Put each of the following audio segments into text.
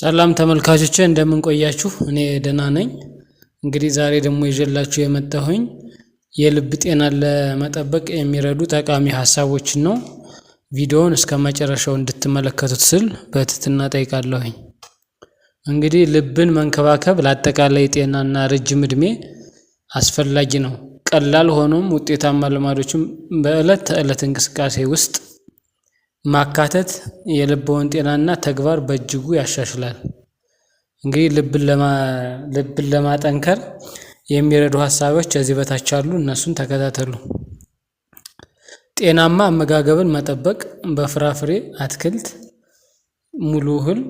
ሰላም ተመልካቾቼ እንደምንቆያችሁ፣ እኔ ደህና ነኝ። እንግዲህ ዛሬ ደግሞ ይዤላችሁ የመጣሁኝ የልብ ጤናን ለመጠበቅ የሚረዱ ጠቃሚ ሀሳቦችን ነው። ቪዲዮውን እስከ መጨረሻው እንድትመለከቱት ስል በትህትና ጠይቃለሁኝ። እንግዲህ ልብን መንከባከብ ለአጠቃላይ ጤናና ረጅም ዕድሜ አስፈላጊ ነው። ቀላል ሆኖም ውጤታማ ልማዶችም በዕለት ተዕለት እንቅስቃሴ ውስጥ ማካተት የልብዎን ጤናና ተግባር በእጅጉ ያሻሽላል። እንግዲህ ልብን ለማጠንከር የሚረዱ ሀሳቦች ከዚህ በታች አሉ፣ እነሱን ተከታተሉ። ጤናማ አመጋገብን መጠበቅ በፍራፍሬ፣ አትክልት፣ ሙሉ እህል፣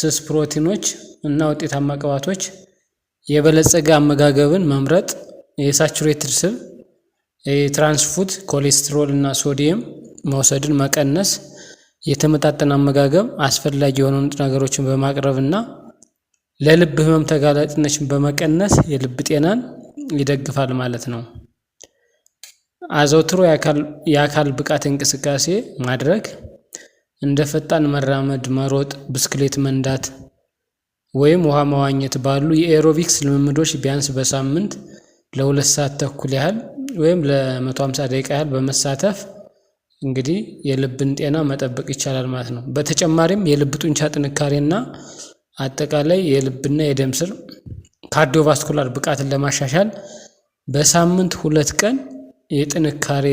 ስስ ፕሮቲኖች እና ውጤታማ ቅባቶች የበለጸገ አመጋገብን መምረጥ የሳቹሬትድ ስብ፣ የትራንስፉት፣ ኮሌስትሮል እና ሶዲየም መውሰድን መቀነስ የተመጣጠነ አመጋገብ አስፈላጊ የሆኑ ንጥረ ነገሮችን በማቅረብ እና ለልብ ህመም ተጋላጭነችን በመቀነስ የልብ ጤናን ይደግፋል ማለት ነው። አዘውትሮ የአካል ብቃት እንቅስቃሴ ማድረግ እንደ ፈጣን መራመድ፣ መሮጥ፣ ብስክሌት መንዳት ወይም ውሃ መዋኘት ባሉ የኤሮቢክስ ልምምዶች ቢያንስ በሳምንት ለሁለት ሰዓት ተኩል ያህል ወይም ለ150 ደቂቃ ያህል በመሳተፍ እንግዲህ የልብን ጤና መጠበቅ ይቻላል ማለት ነው። በተጨማሪም የልብ ጡንቻ ጥንካሬና አጠቃላይ የልብና የደም ስር ካርዲዮቫስኩላር ብቃትን ለማሻሻል በሳምንት ሁለት ቀን የጥንካሬ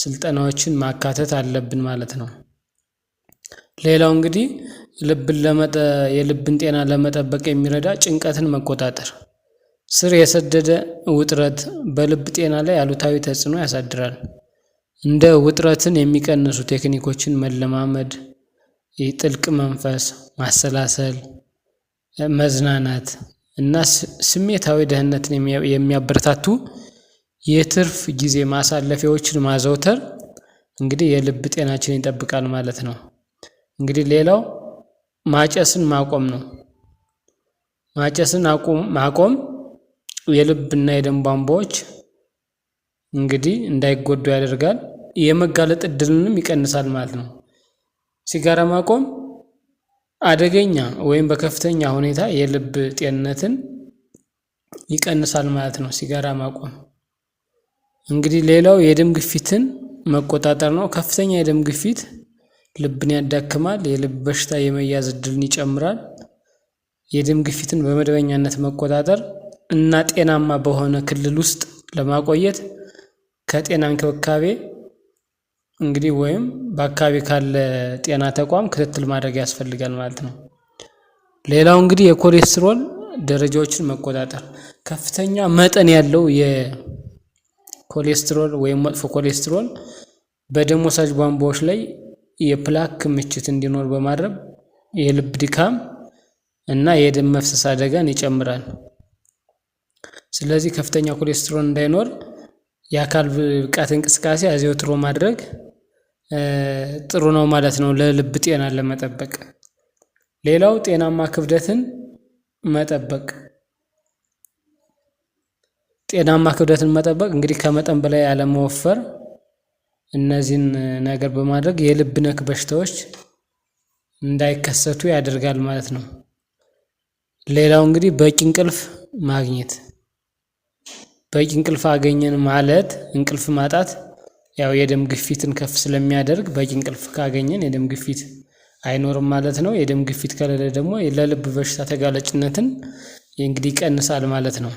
ስልጠናዎችን ማካተት አለብን ማለት ነው። ሌላው እንግዲህ ልብን ለመጠ የልብን ጤና ለመጠበቅ የሚረዳ ጭንቀትን መቆጣጠር ስር የሰደደ ውጥረት በልብ ጤና ላይ አሉታዊ ተጽዕኖ ያሳድራል። እንደ ውጥረትን የሚቀንሱ ቴክኒኮችን መለማመድ፣ የጥልቅ መንፈስ ማሰላሰል፣ መዝናናት እና ስሜታዊ ደህንነትን የሚያበረታቱ የትርፍ ጊዜ ማሳለፊያዎችን ማዘውተር እንግዲህ የልብ ጤናችን ይጠብቃል ማለት ነው። እንግዲህ ሌላው ማጨስን ማቆም ነው። ማጨስን ማቆም የልብና የደም ቧንቧዎች እንግዲህ እንዳይጎዱ ያደርጋል። የመጋለጥ እድልንም ይቀንሳል ማለት ነው። ሲጋራ ማቆም አደገኛ ወይም በከፍተኛ ሁኔታ የልብ ጤንነትን ይቀንሳል ማለት ነው። ሲጋራ ማቆም እንግዲህ ሌላው የደም ግፊትን መቆጣጠር ነው። ከፍተኛ የደም ግፊት ልብን ያዳክማል፣ የልብ በሽታ የመያዝ እድልን ይጨምራል። የደም ግፊትን በመደበኛነት መቆጣጠር እና ጤናማ በሆነ ክልል ውስጥ ለማቆየት ከጤና እንክብካቤ እንግዲህ ወይም በአካባቢ ካለ ጤና ተቋም ክትትል ማድረግ ያስፈልጋል ማለት ነው። ሌላው እንግዲህ የኮሌስትሮል ደረጃዎችን መቆጣጠር ከፍተኛ መጠን ያለው የኮሌስትሮል ወይም መጥፎ ኮሌስትሮል በደም ወሳጅ ቧንቧዎች ላይ የፕላክ ክምችት እንዲኖር በማድረግ የልብ ድካም እና የደም መፍሰስ አደጋን ይጨምራል። ስለዚህ ከፍተኛ ኮሌስትሮል እንዳይኖር የአካል ብቃት እንቅስቃሴ አዘውትሮ ማድረግ ጥሩ ነው ማለት ነው። ለልብ ጤናን ለመጠበቅ ሌላው ጤናማ ክብደትን መጠበቅ ጤናማ ክብደትን መጠበቅ እንግዲህ ከመጠን በላይ ያለመወፈር እነዚህን ነገር በማድረግ የልብ ነክ በሽታዎች እንዳይከሰቱ ያደርጋል ማለት ነው። ሌላው እንግዲህ በቂ እንቅልፍ ማግኘት በቂ እንቅልፍ አገኘን ማለት እንቅልፍ ማጣት ያው የደም ግፊትን ከፍ ስለሚያደርግ በቂ እንቅልፍ ካገኘን የደም ግፊት አይኖርም ማለት ነው። የደም ግፊት ከሌለ ደግሞ ለልብ በሽታ ተጋላጭነትን እንግዲህ ይቀንሳል ማለት ነው።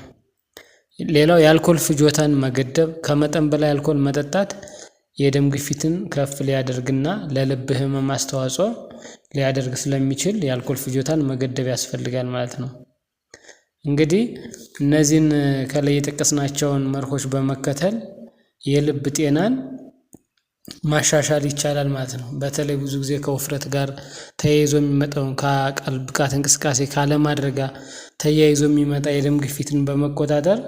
ሌላው የአልኮል ፍጆታን መገደብ፣ ከመጠን በላይ አልኮል መጠጣት የደም ግፊትን ከፍ ሊያደርግና ለልብ ህመም አስተዋጽኦ ሊያደርግ ስለሚችል የአልኮል ፍጆታን መገደብ ያስፈልጋል ማለት ነው። እንግዲህ እነዚህን ከላይ የጠቀስናቸውን መርሆች በመከተል የልብ ጤናን ማሻሻል ይቻላል ማለት ነው። በተለይ ብዙ ጊዜ ከውፍረት ጋር ተያይዞ የሚመጣውን ከአካል ብቃት እንቅስቃሴ ካለማድረግ ጋር ተያይዞ የሚመጣ የደም ግፊትን በመቆጣጠር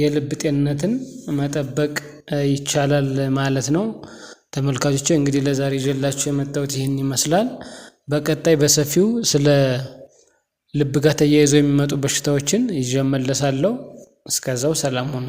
የልብ ጤንነትን መጠበቅ ይቻላል ማለት ነው። ተመልካቾቼ እንግዲህ ለዛሬ ይዤላችሁ የመጣሁት ይህን ይመስላል። በቀጣይ በሰፊው ስለ ልብ ጋር ተያይዞ የሚመጡ በሽታዎችን ይዤ እመለሳለሁ። እስከዛው ሰላም ሁኑ።